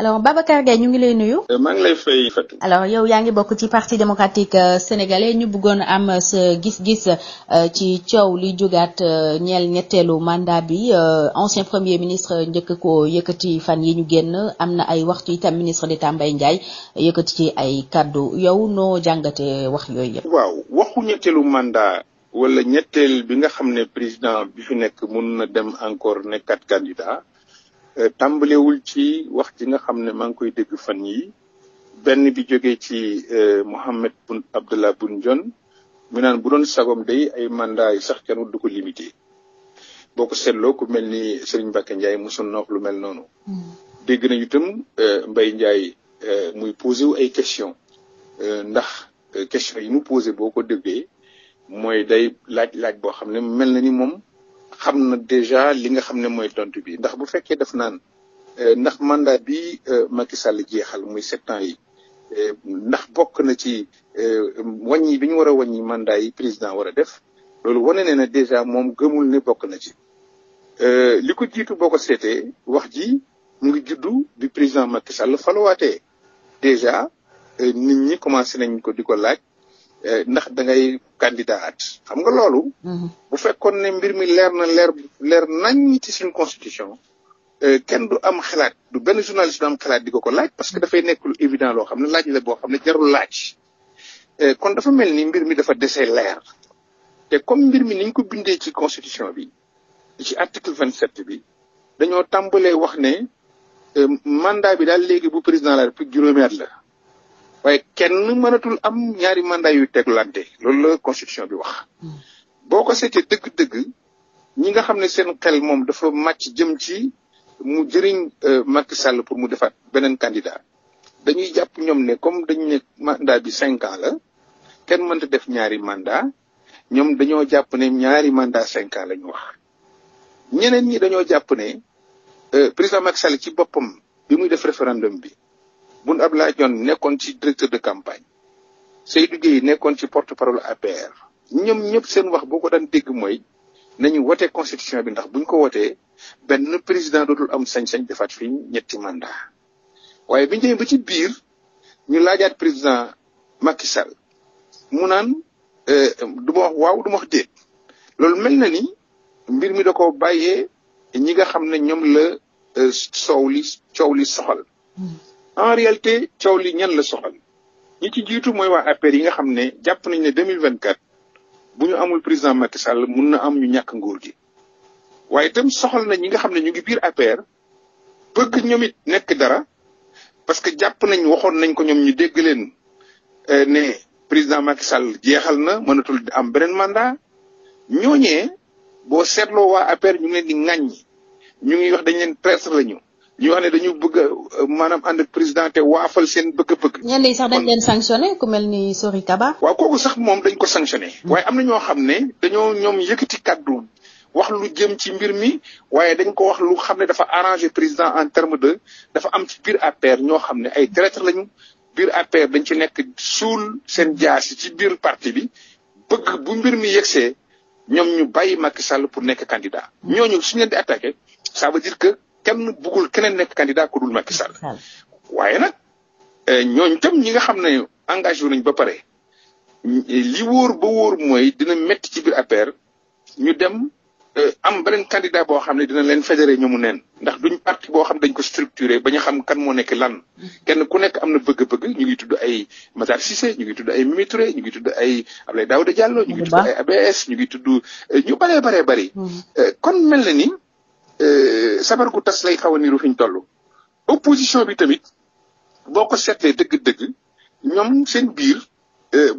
alors Babacar Gaye ñu ngi lay nuyu. Euh, maa alors yow yaa ngi bokk ci parti démocratique euh, sénégalais ñu bëggoon am euh, sa gis-gis ci coow li jógaat ñeel ñetteelu mandat bi ancien premier ministre njëkk ko yëkkati fan yi ñu génn am na ay waxtu itam ministre d'État Mbaye Ndiaye yëkkati ci ay kaddu yow no jàngate wax yooyu yëpp. waaw waxu ñetteelu mandat. wala ñetteel bi nga xam ne président bi fi nekk mun na dem encore nekkat candidat Euh, tàmbalewul ci wax ji nga xam ne maa ngi koy dégg fan yi benn bi jógee ci euh, Mohammed bun Abdallah bun jon mu naan bu doon sagom day ay mandat yi sax kenn du ko limité boo ko seetloo ku mel ni Serigne Mbacke Ndiaye mosoon na wax lu mel noonu. Mm. dégg nañu itam euh, Mbaye Ndiaye muy posé wu ay question ndax question yi mu posé boo ko déggee mooy day laaj laaj boo xam ne mel na ni moom. xam na déjà li nga xam ne mooy tontu bi ndax bu fekkee def naan euh, ndax mandat bi euh, Macky Sall jeexal muy sept ans yi euh, ndax bokk na ci wàññi bi ñu war a wàññi mandat yi président war a def loolu wane ne na déjà moom gëmul ne bokk na ci li ko jiitu boo ko seetee wax ji mu ngi juddu bi président Macky Sall faluwaatee déjà nit ñi commencé nañ ko di ko laaj Eh, ndax da ngay candidat xam nga loolu. Mhm. bu fekkoon ne mbir mi leer na leer leer nañ ci suñu constitution. Eh, kenn du am xalaat du benn journaliste du am xalaat di ko ko laaj parce que dafay nekk lu évident loo xam ne laaj la boo xam ne jarul laaj. Eh, kon dafa mel ni mbir mi dafa desee leer te comme mbir mi niñ ko bindee ci constitution bi ci article vingt sept bi dañoo tàmbalee wax ne mandat bi daal léegi bu président la république juróomi la. waaye kenn mënatul am ñaari mandat yu teglante loolu la constitution bi wax hmm. boo ko seetee dëgg-dëgg ñi nga xam ne seen xel moom dafa màcc jëm ci mu jëriñ euh, Macky Sall pour mu defaat beneen candidat dañuy jàpp ñoom ne comme dañ ne mandat bi cinq la kenn mënta def ñaari mandat ñoom dañoo jàpp ne ñaari mandat cinq ans la ñeneen ñi dañoo jàpp ne euh, président Macky Sall ci boppam bi muy def référendum bi Boun Abdallah Dionne nekkoon ci directeur de campagne sey Seydou Guèye nekkoon ci porte parole APR ñoom ñëpp seen wax boo ko daan dégg mooy nañu wote constitution bi ndax buñ ko wotee benn président dootul am sañ-sañ defaat fii ñetti mandat waaye biñ demee ba ci biir ñu laajaat président Macky Sall mu naan euh, du ma waaw du wax déet loolu mel na ni mbir mi da ko bàyyee ñi nga xam ne ñoom la euh, soow li coow li soxal mm. en réalité coow li ñan la soxal ñi ci jiitu mooy waa APR yi nga xam ne jàpp nañ ne 2024 bu ñu amul président Macky Sall mun na am ñu ñàkk nguur gi waaye itam soxal nañ ñi nga xam ne ñu ngi biir APR bëgg ñoom it nekk dara parce que jàpp nañ waxoon nañ ko ñoom ñu dégg leen euh, ne président Macky Sall jeexal na mënatul am beneen mandat ñooñee boo seetloo waa APR ñu ngi leen ñu ngi wax dañ leen traître lañu ñu wax ne dañu bëgg a euh, maanaam ànd président te waafal seen bëgg-bëgg. ñenn yi sax dañ leen sanctionné ku mel ni Sori Kaba. waaw kooku sax moom dañ ko sanctionné. Hmm. waaye am na ñoo xam ne dañoo ñoom yëkkati kàddu wax lu jëm ci mbir mi waaye dañ ko wax lu xam ne dafa arrangé président en terme de dafa am ci biir APR ñoo xam ne ay traître lañu biir APR dañ ci nekk suul seen jaasi ci biir partie bi bëgg bu mbir mi yegsee ñoom ñu bàyyi Macky sal pour nekk candidat. ñooñu suñu leen di attaqué ça veut kenn bëggul keneen nekk candidat ku dul Macky Sall. waaye nag eh, ñooñ tam ñi nga xam ne engagé wu ba pare li wóor ba wóor mooy dina métti ci biir APR ñu dem eh, am beneen candidat boo xam ne dina leen fédéré ñoomu neen ndax duñ parti boo xam dañ ko structuré ba xam kan moo nekk lan. ken ku nekk am na bëgg-bëgg ñu ngi tudd ay Matar Cissé ñu ngi tudd ay Mimi ñu ngi tudd ay Abdoulaye Daouda Diallo. ñu ngi tudd ay ngi tudd eh, ñu bëree bëree bëri. Hmm. kon mel na Euh, sabar gu tas lay xaw a niru fi ñu toll. opposition bi tamit boo ko seetlee dëgg-dëgg ñoom seen biir euh,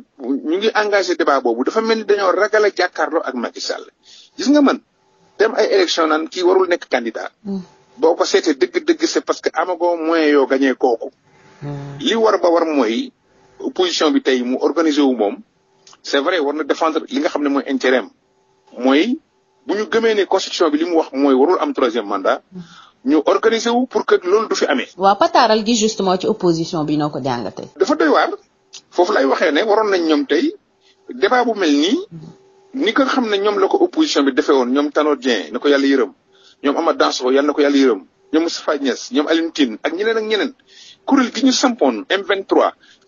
ñu ngi engagé débat boobu dafa mel ni dañoo ragal a jàkkaarloo ak Macky Sall gis nga man dem ay élection naan kii warul nekk candidat. Hmm. boo ko seetee dëgg-dëgg c'est parce que amagoo moyen yoo gañee kooku. Hmm. li war ba war mooy opposition bi tey mu organisé wu moom c'est vrai war na défendre li nga xam ne mooy intérêt am mooy. bu ñu gëmee ne constitution bi li mu wax mooy warul am troisième mandat ñu organiser wu pour que loolu du fi amee. waaw pataaral gi justement ci opposition bi noo ko jàngatee. dafa doy waar foofu lay waxee ne waroon nañ ñoom tey débat bu mel nii ni ko xam ne ñoom la ko opposition bi defee woon ñoom Tanor Dieng na ko yàlla yërëm ñoom Amath Dansokho yàlla na ko yàlla yërëm ñoom Moustapha Niass ñoom Alioune Tine ak ñeneen ak ñeneen kuréel gi ñu sampoon M23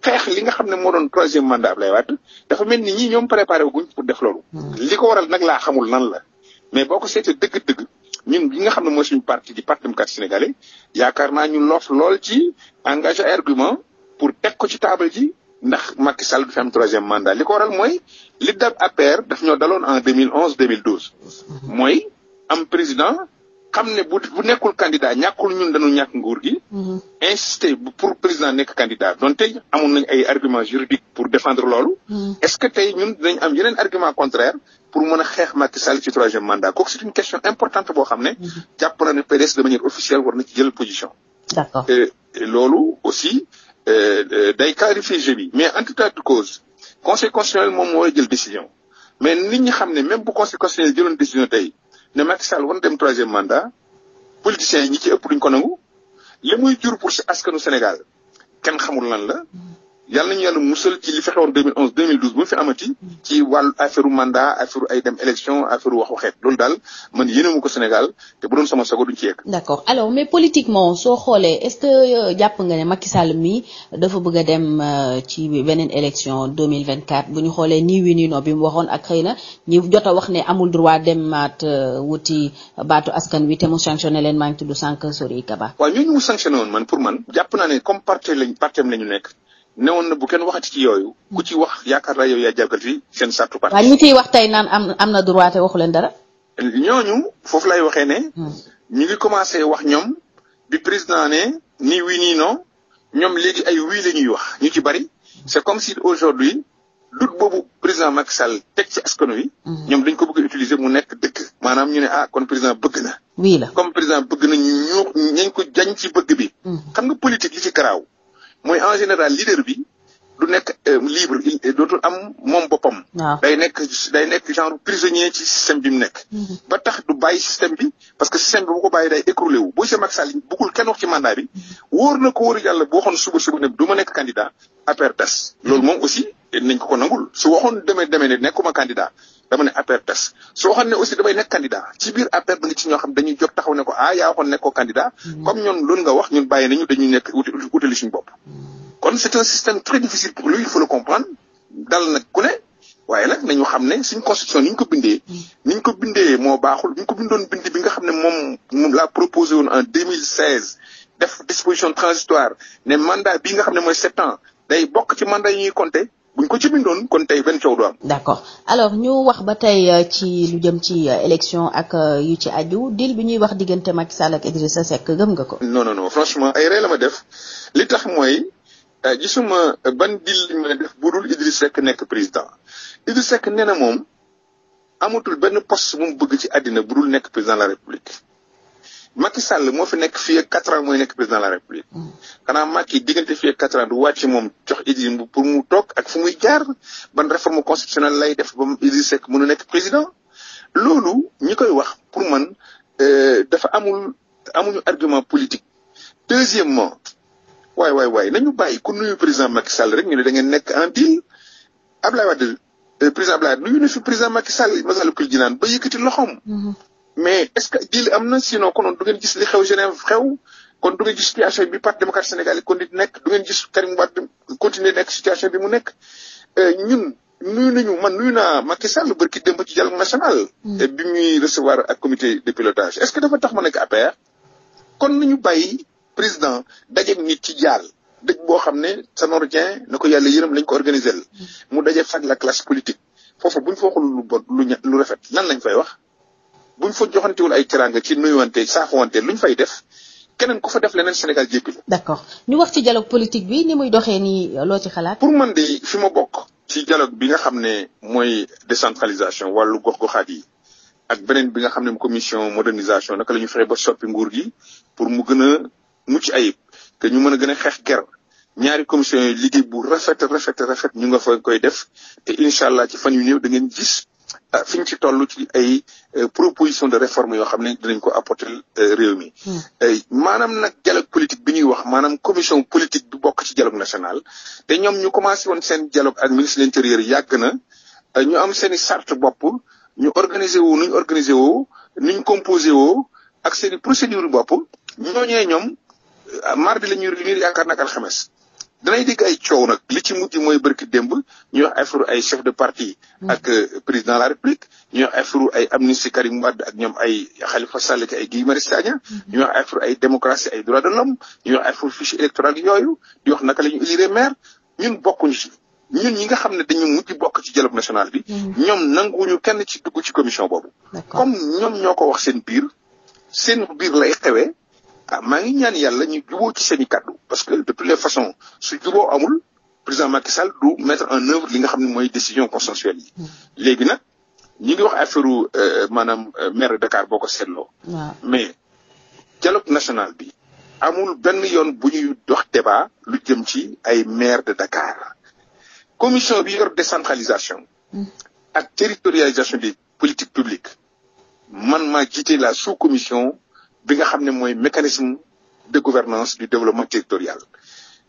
xeex li nga xam ne moo doon troisième mandat Abdoulaye Wade dafa mel ni ñii ñoom préparé wuñ pour def loolu. Hmm. li ko waral nag laa xamul nan la. mais boo ko seetee dëgg-dëgg ñun bi nga xam ne mooy suñu parti di parti démocratique sénégalais yaakaar naa ñu loof lool ci engagé ay argument pour teg ko ci table ji ndax Macky sal du fi am troisième mandat li ko waral mooy li dab APR daf ñoo daloon en 2011 2012 mooy am président xam ne bu bu nekkul candidat ñàkkul ñun dañu ñàkk nguur gi. Mm-hmm. insister pour président nekk candidat donc tey amoon nañ ay arguments juridiques pour défendre loolu. Mm-hmm. est-ce que tey ñun dinañ am yeneen argument contraire pour mën a xeex Macky Sall ci troisième mandat kooku c'est une question importante boo xam ne. jàpp na ne PDS de manière officielle war na ci jël position. d'accord loolu aussi euh, euh, day clarifier jeu bi mais en tout cas de cause conseil moom moo jël décision mais nit ñi xam ne même bu conseil constitutionnel jëloon décision tey ne Macky Sall war na dem troisième mandat politiciens yi ñi ci ëpp duñ ko nangu li muy jur pour askanu Sénégal kenn xamul lan la. yàlla nañu yàlla musal ci li fi xewoon 2011 2012 bu fi amati ci a affaire mandat affaire ay dem élection affaire wax waxeet loolu daal man yéene ko Sénégal te bu doon sama sago duñ ci yegg. d'accord alors mais politiquement soo xoolee est-ce que euh, jàpp nga ne Macky Sall mi dafa bëgg a dem euh, ci beneen élection 2024 bu ñu xoolee nii wii nii non bi mu waxoon ak xëy na ñi jot a wax ne amul droit dem maat euh, wuti baatu askan wi te mu sanctionné leen maa ngi tudd sànq Sori Kaba. man pour man jàpp naa comme parti lañ la ñu nekk. newoon na bu kenn waxati ci yooyu. ku ci wax yaakaar naa yow yaa jàppal fii seen sartu parti. waaw ñi ciy wax tey naan am am na droit te waxu leen dara. ñooñu foofu lay waxee ne. Hmm. ñu ngi commencé wax ñoom bi président ne nii wii nii non ñoom léegi ay wii la ñuy wax ñu ci bari c'est comme si aujourd'hui doute boobu président Macky Sall teg ci askan wi. Hmm. ñoom dañ ko bëgg a utiliser mu nekk dëkk maanaam ñu ne ah kon président bëgg na. wii la comme président bëgg na ñu ñoo ñañ ko jañ ci bëgg bi. Hmm. xam nga politique li ci garaaw. mooy en général leader bi du nekk euh, libre il dootul am moom boppam. day nekk day nekk genre prisonnier ci système bi mu nekk. Mhm. ba tax du bàyyi système bi parce que système bi bu ko bàyyi day écroulé wu boo see Macky Sall bëggul kenn wax ci mandat bi mhm. wóor na ko wóor yàlla boo waxoon suba suba ne du ma nekk candidat affaire loolu moom aussi nañ ko ko nangul su waxoon demee demee ne nekkuma candidat. dama ne APR tas soo xam ne aussi damay nekk candidat ci biir APR da nga ci ñoo xam dañuy jóg taxaw ne ko ah yaa waxoon nekkoo candidat mm. comme ñoon loolu nga wax ñun bàyyi nañu dañuy nekk utali suñu bopp mm. kon c'est un système très difficile pour lui il faut le comprendre dal nag ku ne waaye nag nañu xam ne suñ constitution ni ñu ko bindee mm. ni ko bindee moo baaxul ni ko bindoon bind bi nga xam ne moom moom laa proposé woon en 2016 def disposition transitoire ne mandat bi nga xam ne mooy sept ans day bokk ci mandat yi ñuy compté buñ ko ci bindoon kon tey benn coow du am. d' accord alors ñu wax ba tey euh, ci lu jëm ci euh, élection ak euh, yu ci aju dil bi ñuy wax diggante Macky Sall ak Idrissa Seck gëm nga ko. non non non franchement ay ree la ma def li tax mooy gisuma ban deal lañ mën a def budul Idrissa Seck nekk président Idrissa Seck nee na moom amatul benn poste bu mu bëgg ci àddina budul nekk président de la république. Macky Sall moo fi nekk fii ak quatre ans mooy nekk président de la république hmm. xanaa i diggante fii ak quatre ans du wàcc moom jox Idriss Seck pour mu toog ak fu muy jaar ban réforme constitutionnelle lay def ba Idriss Seck mën a nekk président loolu ñi koy wax pour man euh, dafa amul amuñu argument politique deuxièmement waay waay waay nañu bàyyi ku nuyu président Macky Sall rek ñu ne da ngeen nekk en deal Ablaye Wade euh, président Ablaye Wade nuyu na fi président Macky Sall Massalikul Jinaan ba yëkkati mais est-ce que diil am na sinon konoon du ngeen gis li xew Genève xew kon du ngeen gis situation bi parti démocrate sénégalais kon nekk du ngeen gis Karim Wade continuer nekk situation bi mu nekk euh, ñun nuyu nañu man nuyu naa Macky Sall barki démb ci dialogue national. Mm. bi muy recevoir ak comité de pilotage est-ce que dafa tax ma nekk APR. kon ñu bàyyi président dajeeg nit ci jaal dëj boo xam ne sa norien na ko yàlla yërëm lañ ko organiser mm. mu daje fag la classe politique foofu buñ fa waxul lu lu lu rafet lan lañ fay wax. buñ fa joxantewul ay teraanga ci nuyuwante saaxuwante luñ fay def keneen ku fa def leneen Sénégal jéggi d'accord ñu wax ci dialogue politique bi ni muy doxee pour man de fi ma bokk. ci bi nga xam ne mooy décentralisation wàllu gox-goxaat yi ak beneen bi nga xam ne commission modernisation naka la ñu fexe ba soppi nguur gi pour mu gën a mucc ayib que ñu mën a gën a xeex ger ñaari commission yi liggéey bu rafet rafet rafet ñu nga fa koy def te incha allah ci fan yu néew da ngeen gis. Ah, fi ñu ci toll ci ay euh, proposition de réforme yoo xam ne dinañ ko apporter euh, réew mi. Hmm. Euh, maanaam nag dialogue politique bi ñuy wax maanaam commission politique bi bokk ci dialogue national te ñoom ñu commencé woon seen dialogue ak ministre de l'intérieur yàgg na ñu am seen i charte bopp ñu organiser woo nuñ organiser woo nuñ composé woo ak seen i procédure bopp ñooñee ñoom mardi la ñuy réunir yaakaar nag alxames danay dégg ay coow nag li ci mujj mooy bërki démb ñuy wax affaire ay chef de parti hmm. ak euh, président la république ñuy wax affaire ay amnistie Karim Wade ak ñoom ay Khalifa Sall ak ay Guy Marius Sagna hmm. ñuy wax affaire ay démocratie ay droits de l'homme ñuy wax affaire fiche électorale yooyu di wax naka la ñu élire maire ñun bokkuñu ci ñun ñi nga xam ne dañu mujj bokk ci dialogue national bi hmm. ñoom nanguwuñu kenn ci dugg ci commission boobu comme ñoom ñoo ko wax seen biir seen biir lay xewee ah maa ngi ñaan yàlla ñu juboo ci seen i kàddu parce que de toutes les façons su juboo amul président Macky Sall du mettre en œuvre li nga xam ne mooy décision consensuelle yi. Mm. léegi nag ñu ngi wax affaire euh, maanaam euh, maire de Dakar boo ko seetloo. mais dialogue national bi. amul benn yoon bu ñuy dox débat lu jëm ci ay maire de Dakar commission bi yor décentralisation. Mm. ak territorialisation bi politiques publique man maa jiite la sous commission. bi nga xam ne mooy mécanisme de gouvernance du développement territorial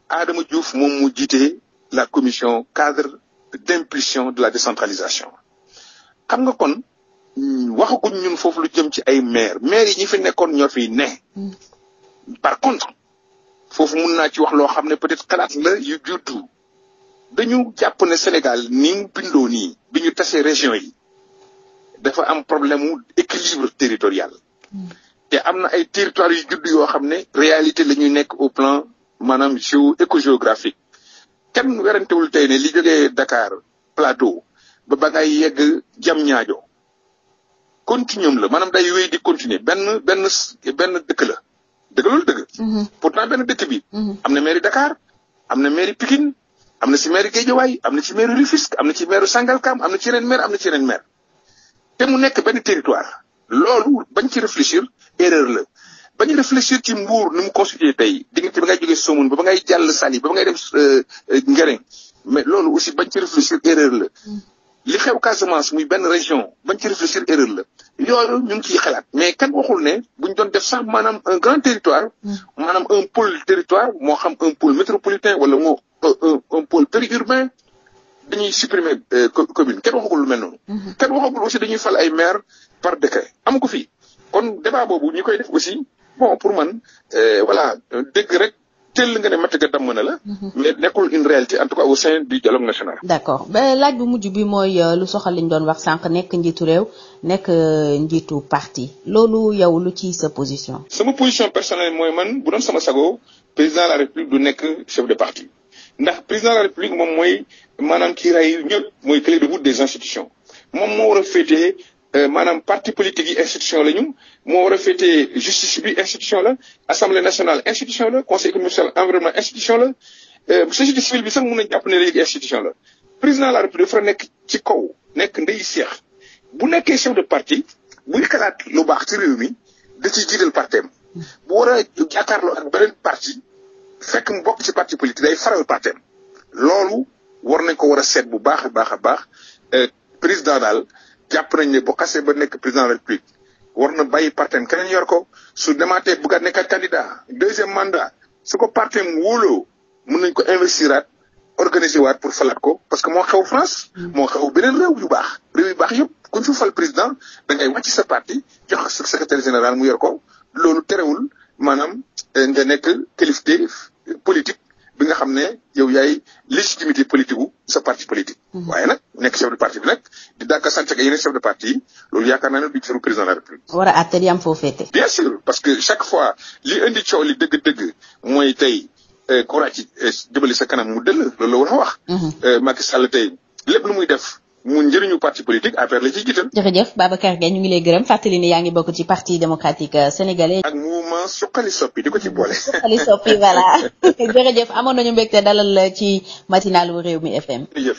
Adama Diouf moom mu jiite la commission cadre d'impulsion de la décentralisation xam nga kon waxaguñ ñun foofu lu jëm ci ay maire maire yi ñi fi nekkoon ñoo fi ne mm. par contre foofu mun naa ci wax loo xam ne peut-être xalaat la yu juddu dañu jàpp ne Sénégal ni mu bindoo nii bi ñu tasee région yi dafa am problème mu équilibre territorial mm. te am na ay territoire yu judd yoo xam ne réalité la ñuy nekk au plan maanaam géo écogéographique kenn werantewul tey ne li jógee Dakar plateau ba ba ngay yegg jam ñaajo continuum la maanaam day wéy di continuer benn benn benn dëkk la dëgg loolu dëgg mm-hmm. pourtant benn dëkk bi mm-hmm. am na mairie Dakar am na mairie Pikine am na ci mairie Guédiawaye am na ci mairie Rufisque am na ci mairie Sangalkam am na ci yeneen maire am na ci yeneen maire te mu nekk benn territoire loolu bañ ci réfléchir erreur la bañ réfléchir ci mbuur ni mu constitué tey diggante ba ngay jógee Somone ba ba ngay jàll Saly ba ba ngay dem euh, euh, Ngering mais loolu aussi bañ ci réfléchir erreur la mm. li xew Casamance muy benn région bañ ci réfléchir erreur la yooyu ñu ngi ciy xalaat mais kan waxul ne buñ doon def sax maanaam un grand territoire mm. maanaam un pôle territoire moo xam un pôle métropolitain wala moo euh, un pôle périurbain dañuy supprimer commune kenn waxagul lu mel noonu. Mm-hmm. kenn waxagul aussi dañuy fal ay maire par décret am ko fii kon débat boobu ñi koy def aussi bon pour man euh, voilà dégg rek teel nga ne matt ga damm na la. Mhm. mais nekkul une réalité en tout cas au sein du dialogue national. d' ba laaj bu mujj bi mooy euh, lu soxal li ñu doon wax sànq nekk njiitu réew nekk euh, njiitu parti loolu yow lu ci sa position. sama position personnelle mooy man bu doon sama sago président de la république du nekk chef de parti ndax président de la république moom mooy maanaam kii ray ñëpp mooy clé de des institutions moom moo Euh, maanaam parti politique yi institution la ñu moo war a féetee justice bi institution la assemblée nationale institution la conseil économique social environnement institution la euh, société civile bi sax mun nañu jàpp ne léegi institution la président de la république dafa nekk ci kaw nekk ndey seex bu nekkee chef de parti buy xalaat lu baax ci réew mi da ciy jiital partem bu war a jàkkaarloo ak beneen parti fekk mu bokk ci parti politique day faral partem loolu war nañ ko war a seet bu baax a baax a baax euh, président daal jàpp nañ ne bu xasee ba nekk président de la war na bàyyi partem keneen yor ko su demaatee bëgg a nekk candidat deuxième mandat su ko partem wóoloo mun nañ ko investiraat organiser waat pour falaat ko parce que moo xew France. moo xew beneen réew yu baax. réew yu baax yëpp ku ñu fi fal président da ngay sa parti jox sa secrétaire général mu yor ko loolu terewul maanaam eh, nga nekk kilifteef politique. bi nga xam ne yow yaay légitimité politique wu sa parti politique. Mm-hmm. waaye nag nekk chef de parti bi nag di dàgg sant ak yeneen chef de parti yi loolu yaakaar naa ne du jëru président la république. war a àttali am foo bien sûr parce que chaque fois li indi coow li dëgg-dëgg mooy tey Kora ci jëbali sa kanam mu dëll loolu la war a wax. Mm-hmm. Euh, Macky Sall tey lépp lu muy def. mu njëriñu parti politique affaire la ciy jiital. jërëjëf Babacar Gueye ñu ngi lay gërëm fàttali ni yaa ngi bokk ci parti démocratique euh, sénégalais. ak mouvement suqali soppi di ko ci boole. suqali soppi voilà jërëjëf amoon nañu mbégte dalal ci matinalu réew mi FM.